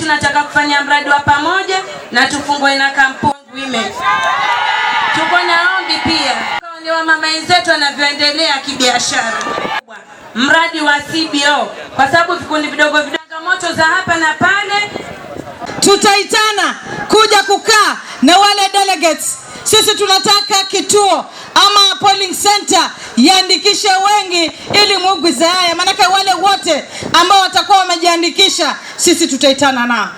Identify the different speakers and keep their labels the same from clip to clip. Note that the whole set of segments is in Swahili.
Speaker 1: tunataka kufanya mradi wa pamoja na tufungue na kampuni Women. Tuko na ombi pia ni mama zetu wanavyoendelea kibiashara, mradi wa CBO, kwa sababu vikundi vidogo vidogo, changamoto za hapa na pale,
Speaker 2: tutaitana kuja kukaa na wale delegates. Sisi tunataka kituo ama polling center yaandikishe wengi, ili muuguze haya, maanake wale wote ambao watakuwa wamejiandikisha sisi tutaitana nao.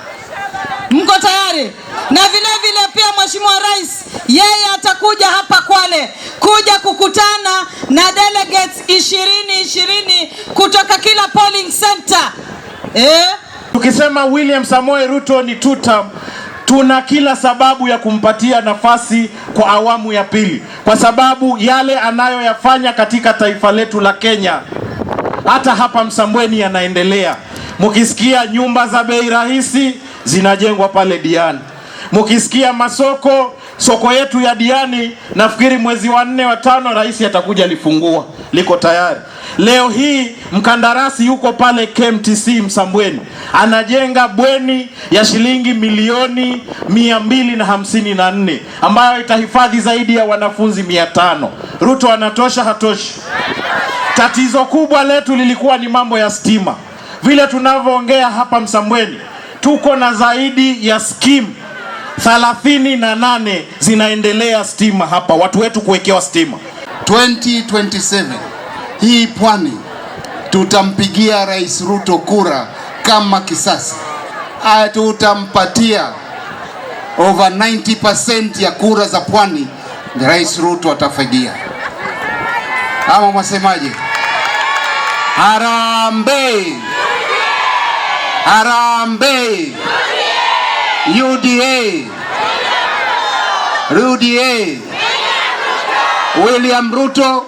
Speaker 2: Mko tayari? Na vile vile pia Mheshimiwa Rais yeye atakuja hapa Kwale kuja kukutana na delegates ishirini ishirini kutoka kila polling center eh?
Speaker 3: Tukisema William Samoei Ruto ni two term tuna kila sababu ya kumpatia nafasi kwa awamu ya pili, kwa sababu yale anayoyafanya katika taifa letu la Kenya hata hapa Msambweni yanaendelea. Mukisikia nyumba za bei rahisi zinajengwa pale Diani, mukisikia masoko soko yetu ya Diani, nafikiri mwezi wa nne wa tano rais atakuja lifungua, liko tayari. Leo hii mkandarasi yuko pale KMTC Msambweni anajenga bweni ya shilingi milioni mia mbili na hamsini na nne ambayo itahifadhi zaidi ya wanafunzi mia tano. Ruto anatosha? Hatoshi. Tatizo kubwa letu lilikuwa ni mambo ya stima. Vile tunavyoongea hapa Msambweni, tuko na zaidi ya skimu thalathini na nane zinaendelea stima hapa, watu wetu kuwekewa stima
Speaker 4: 2027 hii pwani, tutampigia Rais Ruto kura kama kisasi. Tutampatia over 90% ya kura za pwani, Rais Ruto atafagia. Ama mwasemaje? Harambee! Harambee! UDA! UDA! William Ruto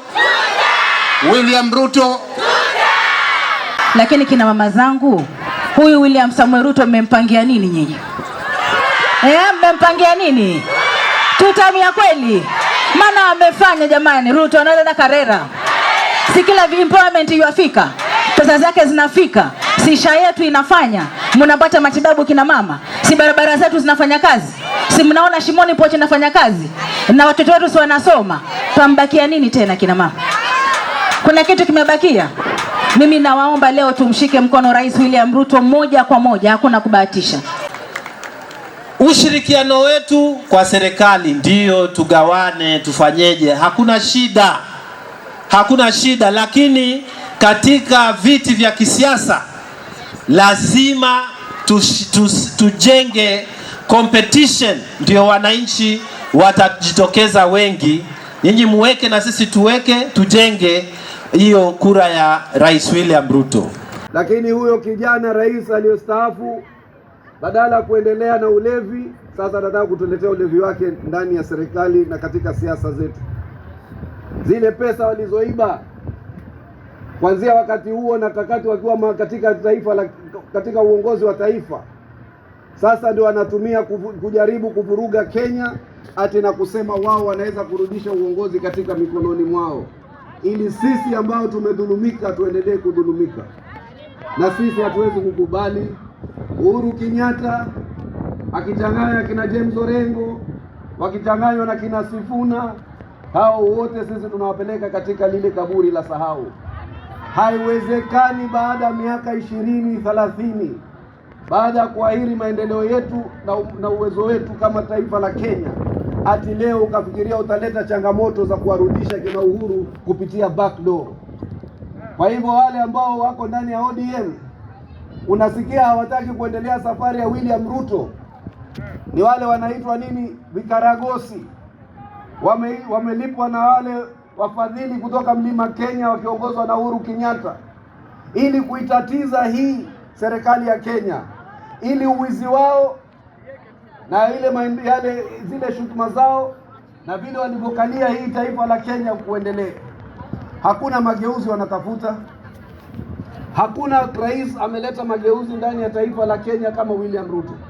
Speaker 4: William Ruto.
Speaker 2: Lakini kina mama zangu, huyu William Samuel Ruto mmempangia nini nyinyi? Eh, mmempangia nini? Tutamia kweli, maana amefanya jamani. Ruto anaenda Karera, si kila employment yuafika, pesa zake zinafika, si sha yetu inafanya, mnapata matibabu kina mama, si barabara zetu zinafanya kazi, si mnaona Shimoni Pochi inafanya kazi na watoto wetu si wanasoma, pambakia nini tena kina mama? Kuna kitu kimebakia? Mimi nawaomba leo tumshike mkono Rais William Ruto moja kwa moja, hakuna kubahatisha.
Speaker 4: Ushirikiano wetu kwa serikali ndio tugawane, tufanyeje, hakuna shida, hakuna shida, lakini katika viti vya kisiasa lazima tush, tush, tujenge competition, ndio wananchi watajitokeza wengi. Nyinyi muweke na sisi tuweke, tujenge hiyo kura ya Rais William Ruto.
Speaker 5: Lakini huyo kijana rais aliyostaafu badala ya kuendelea na ulevi, sasa anataka kutuletea ulevi wake ndani ya serikali na katika siasa zetu. Zile pesa walizoiba kuanzia wakati huo na kakati wakiwa katika taifa la, katika uongozi wa taifa sasa ndio wanatumia kujaribu kuvuruga Kenya ati na kusema wao wanaweza kurudisha uongozi katika mikononi mwao ili sisi ambao tumedhulumika tuendelee kudhulumika, na sisi hatuwezi kukubali Uhuru Kenyatta akichanganywa na kina James Orengo, wakichanganywa na kina Sifuna. Hao wote sisi tunawapeleka katika lile kaburi la sahau. Haiwezekani baada ya miaka ishirini thelathini, baada ya kuahiri maendeleo yetu na uwezo wetu kama taifa la Kenya ati leo ukafikiria utaleta changamoto za kuwarudisha kina Uhuru kupitia backdoor. Kwa hivyo wale ambao wako ndani ya ODM unasikia hawataki kuendelea safari ya William Ruto, ni wale wanaitwa nini, vikaragosi. Wame, wamelipwa na wale wafadhili kutoka mlima Kenya wakiongozwa na Uhuru Kenyatta ili kuitatiza hii serikali ya Kenya ili uwizi wao na ile yale zile shutuma zao na vile walivyokalia hii taifa la Kenya kuendelea. Hakuna mageuzi wanatafuta, hakuna rais ameleta mageuzi ndani ya taifa la Kenya kama William Ruto.